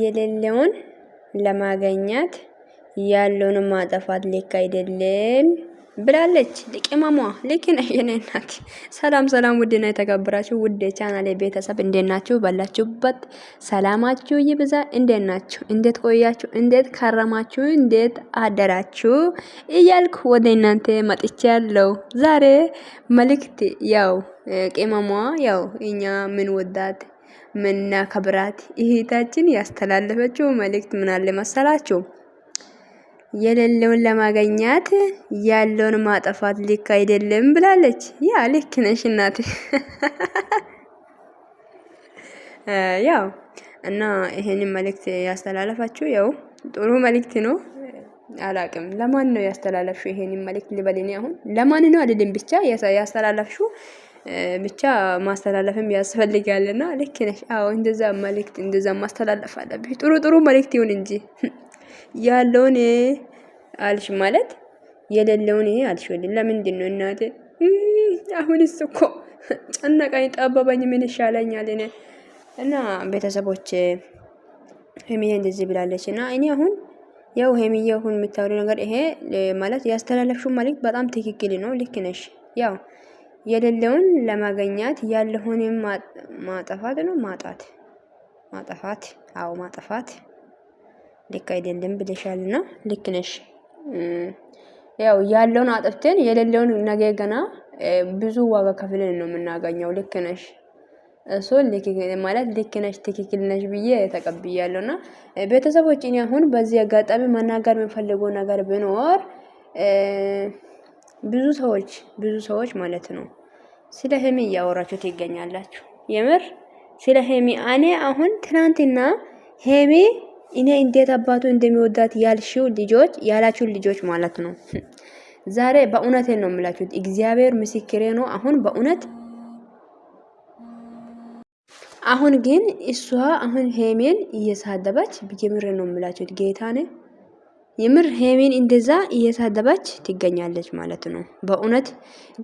የሌለውን ለማገኛት ያለውን ማጠፋት ልክ አይደለም ብላለች። ቅመሟ ልክ ነው የኔ እናት። ሰላም ሰላም፣ ውድና የተከበራችሁ ውድ የቻናሌ ቤተሰብ እንዴት ናችሁ? ባላችሁበት ሰላማችሁ ይብዛ። እንዴት ናችሁ? እንዴት ቆያችሁ? እንዴት ከረማችሁ? እንዴት አደራችሁ? እያልኩ ወደ እናንተ መጥቼ ያለው ዛሬ መልክት ያው ቅመሟ ያው እኛ ምን ወዳት ከብራት እህታችን ያስተላለፈችው መልእክት አለ መሰላችሁ? የሌለውን ለማገኛት ያለውን ማጠፋት ልክ አይደለም ብላለች። ያ ልክ ነሽ እናት። ያው እና ይሄን መልእክት ያስተላለፋችሁ ያው ጥሩ መልእክት ነው። አላቅም ለማን ነው ያስተላለፍሽው? ይሄን መልእክት ልበል አሁን ለማን ነው አይደለም ብቻ ያስተላለፍሽው ብቻ ማስተላለፍም ያስፈልጋል። ና ልክ ነሽ። አዎ እንደዛ መልክት እንደዛ ማስተላለፍ አለብሽ። ጥሩ ጥሩ መልክት ይሁን እንጂ ያለውን አልሽ ማለት የሌለውን አልሽ አልሽ። ለምንድን ነው እናቴ አሁንስ እኮ ጨነቀኝ፣ ጠበበኝ፣ ምን ይሻለኛል እኔ እና ቤተሰቦች ሄሚዬ እንደዚህ ብላለች እና እኔ አሁን ያው ሄሚዬ አሁን የምታወሪው ነገር ይሄ ማለት ያስተላለፍሽው መልእክት በጣም ትክክል ነው። ልክ ነሽ ያው የሌለውን ለማገኛት ያለሆንም ማጠፋት ነው። ማጣት ማጠፋት፣ አዎ ማጠፋት ልክ አይደለም ብለሻል። ነው ልክ ነሽ። ያው ያለውን አጥፍተን የሌለውን ነገ ገና ብዙ ዋጋ ከፍለን ነው የምናገኘው። ልክ ነሽ። እሱ ማለት ልክ ነሽ፣ ትክክል ነሽ ብዬ ተቀብያለሁ። እና ቤተሰቦች እኔ አሁን በዚህ አጋጣሚ መናገር የምፈልገው ነገር ቢኖር ብዙ ሰዎች ብዙ ሰዎች ማለት ነው ስለ ሄሚ እያወራችሁት ትገኛላችሁ። የምር ስለ ሄሚ እኔ አሁን ትናንትና ሄሚ እኔ እንዴት አባቱ እንደሚወዳት ያልሽው ልጆች ያላችሁ ልጆች ማለት ነው ዛሬ በእውነት ነው የምላችሁት። እግዚአብሔር ምስክሬ ነው። አሁን በእውነት አሁን ግን እሷ አሁን ሄሜን እየሳደበች ብጀምር ነው የምላችሁት ጌታ የምር ሄሜን እንደዛ እየሳደበች ትገኛለች ማለት ነው። በእውነት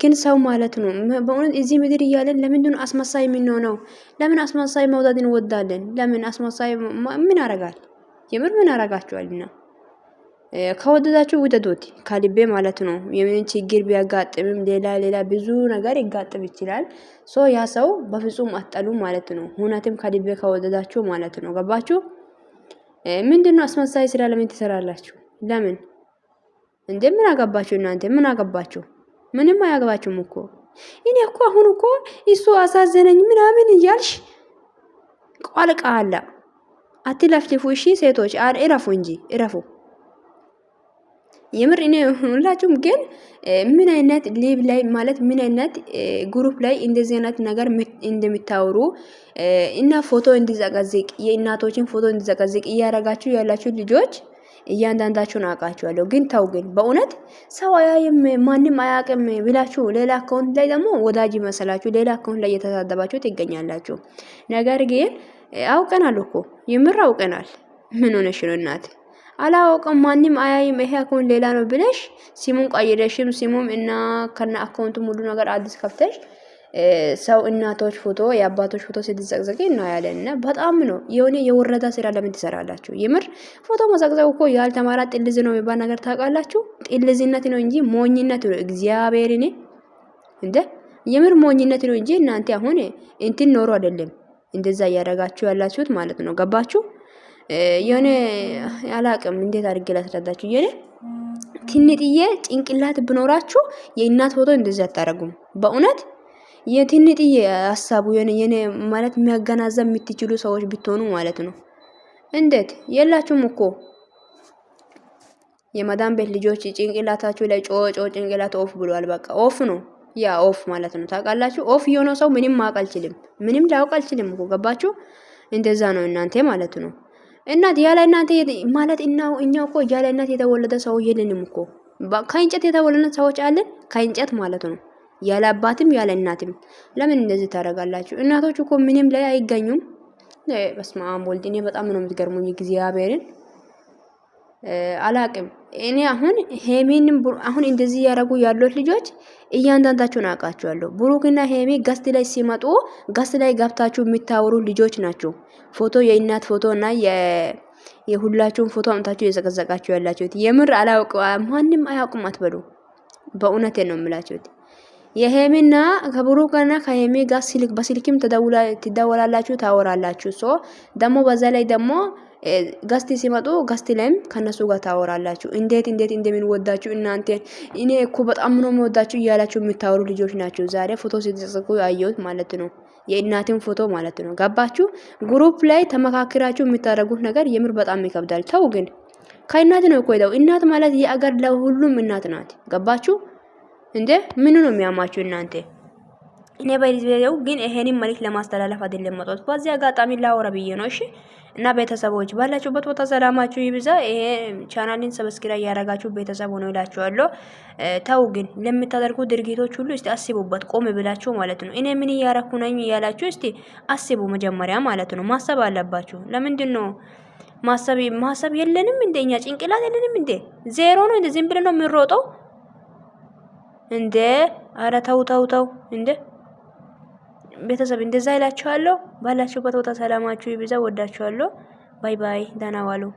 ግን ሰው ማለት ነው። በእውነት እዚህ ምድር እያለን ለምንድን አስመሳይ የምንሆነው? ለምን አስመሳይ መውጣት እንወዳለን? ለምን አስመሳይ ምን አረጋል? የምር ምን አረጋቸዋልና ከወደዳችሁ ውደዶት ከልቤ ማለት ነው። የምን ችግር ቢያጋጥምም ሌላ ሌላ ብዙ ነገር ይጋጥም ይችላል። ሶ ያ ሰው በፍጹም አጠሉ ማለት ነው። ሁነትም ከልቤ ከወደዳችሁ ማለት ነው። ገባችሁ? ምንድን ነው አስመሳይ ስራ ለምን ትሰራላችሁ? ለምን እንዴ? ምን አገባችሁ እናንተ? ምን አገባችሁ? ምንም አያገባችሁም እኮ። እኔ እኮ አሁን እኮ እሱ አሳዘነኝ ምናምን እያልሽ ቋልቃ አላ አትለፍልፉ። እሺ ሴቶች እረፉ እንጂ እረፉ። የምር እኔ ሁላችሁም ግን ምን አይነት ሌብ ላይ ማለት ምን አይነት ግሩፕ ላይ እንደዚህ አይነት ነገር እንደሚታወሩ እና ፎቶ እንዲዘቀዝቅ የእናቶችን ፎቶ እንዲዘቀዝቅ እያረጋችሁ ያላችሁ ልጆች እያንዳንዳችሁን አውቃችኋለሁ። ግን ተው ግን በእውነት ሰው አያይም ማንም አያቅም ብላችሁ ሌላ አካውንት ላይ ደግሞ ወዳጅ ይመስላችሁ ሌላ አካውንት ላይ እየተሳደባችሁ ትገኛላችሁ። ነገር ግን አውቀናል እኮ የምር አውቀናል። ምን ሆነሽ ነው እናት? አላወቀም ማንም አያይም ይሄ አካውንት ሌላ ነው ብለሽ ሲሙን ቀይረሽም ሲሙም እና ከነ አካውንቱ ሙሉ ነገር አዲስ ከፍተሽ ሰው እናቶች ፎቶ የአባቶች ፎቶ ስትዘቅዘቅ እናያለን። እና በጣም ነው የሆነ የወረዳ ስራ ለምን ትሰራላችሁ? የምር ፎቶ መዘቅዘቅ እኮ ያልተማረ ጥልዝ ነው የሚባል ነገር ታውቃላችሁ? ጥልዝነት ነው እንጂ ሞኝነት ነው። እግዚአብሔርን እንደ የምር ሞኝነት ነው እንጂ እናንተ አሁን እንትን ኖሮ አይደለም እንደዛ እያደረጋችሁ ያላችሁት ማለት ነው። ገባችሁ? የሆነ አላቅም እንዴት አድርጌ ላስረዳችሁ። የሆነ ትንጥዬ ጭንቅላት ብኖራችሁ የእናት ፎቶ እንደዚህ አታረጉም። በእውነት የትንጥዬ ሀሳቡ የሆነ የኔ ማለት የሚያገናዘብ የምትችሉ ሰዎች ብትሆኑ ማለት ነው። እንዴት የላችሁም እኮ የመዳን ቤት ልጆች ጭንቅላታችሁ ላይ ጮጮ ጭንቅላት ኦፍ ብሏል። በቃ ኦፍ ነው፣ ያ ኦፍ ማለት ነው። ታውቃላችሁ፣ ኦፍ የሆነ ሰው ምንም ማወቅ አልችልም፣ ምንም ላውቅ አልችልም እኮ ገባችሁ? እንደዛ ነው እናንተ ማለት ነው። እናት ያለ እናት ማለት እናው እኛ እኮ ያለ እናት የተወለደ ሰው የለንም እኮ። ከእንጨት የተወለደ ሰዎች አለን፣ ከእንጨት ማለት ነው። ያለ አባትም ያለ እናትም። ለምን እንደዚህ ታደርጋላችሁ? እናቶች እኮ ምንም ላይ አይገኙም። በስመ አብ ወልድ። እኔ በጣም ነው የምትገርሙኝ እግዚአብሔርን አላቅም እኔ አሁን ሄሜንም አሁን እንደዚህ ያደረጉ ያሉት ልጆች እያንዳንዳቸውን አውቃቸዋለሁ። ብሩክና ሄሜ ጋስት ላይ ሲመጡ ጋስት ላይ ገብታችሁ የሚታወሩ ልጆች ናቸው። ፎቶ የእናት ፎቶ እና የሁላችሁን ፎቶ አምታችሁ የዘቀዘቃችሁ ያላችሁት የምር አላውቅ ማንም አያውቅም አትበሉ። በእውነቴ ነው የምላችሁት። የሄሜና ከብሩክና ከሄሜ ጋር ስልክ በስልክም ትደውላላችሁ፣ ታወራላችሁ። ሶ ደግሞ በዛ ላይ ደግሞ ጋስቲ ሲመጡ ጋስቲ ላይም ከነሱ ጋር ታወራላችሁ። እንዴት እንዴት እንደምንወዳችሁ እናንተ እኔ እኮ በጣም ነው የምወዳችሁ እያላችሁ የምታወሩ ልጆች ናቸው። ዛሬ ፎቶ ሲዘቅዝቁ አየሁት ማለት ነው። የእናትን ፎቶ ማለት ነው። ገባችሁ? ግሩፕ ላይ ተመካክራችሁ የምታደርጉት ነገር የምር በጣም ይከብዳል። ተው ግን ከእናት ነው እኮ ሄደው እናት ማለት የአገር ለሁሉም እናት ናት። ገባችሁ እንዴ? ምኑ ነው የሚያማችሁ እናንተ? እኔ በይዘው ግን ይሄንን መልእክት ለማስተላለፍ አይደለም መጣሁት። በዚህ አጋጣሚ ላወራ ብዬ ነው። እሺ እና ቤተሰቦች ባላችሁበት ቦታ ሰላማችሁ ይብዛ። ይሄ ቻናልን ሰብስክራይብ ያደረጋችሁ ቤተሰብ ሆኖ ይላችኋለሁ። ተው ግን ለምታደርጉ ድርጊቶች ሁሉ እስቲ አስቡበት፣ ቆም ብላችሁ ማለት ነው። እኔ ምን እያረኩ ነኝ እያላችሁ እስቲ አስቡ መጀመሪያ ማለት ነው። ማሰብ አለባችሁ። ለምንድን ነው ማሰብ ማሰብ የለንም እንዴ? እኛ ጭንቅላት የለንም እንዴ? ዜሮ ነው እንዴ? ዝም ብለን ነው የምንሮጠው እንዴ? አረ ተው ተው ተው እንዴ! ቤተሰብ እንደዛ ይላችኋለሁ። ባላችሁበት ቦታ ሰላማችሁ ይብዛ። ወዳችኋለሁ። ባይ ባይ። ደህና ዋሉ።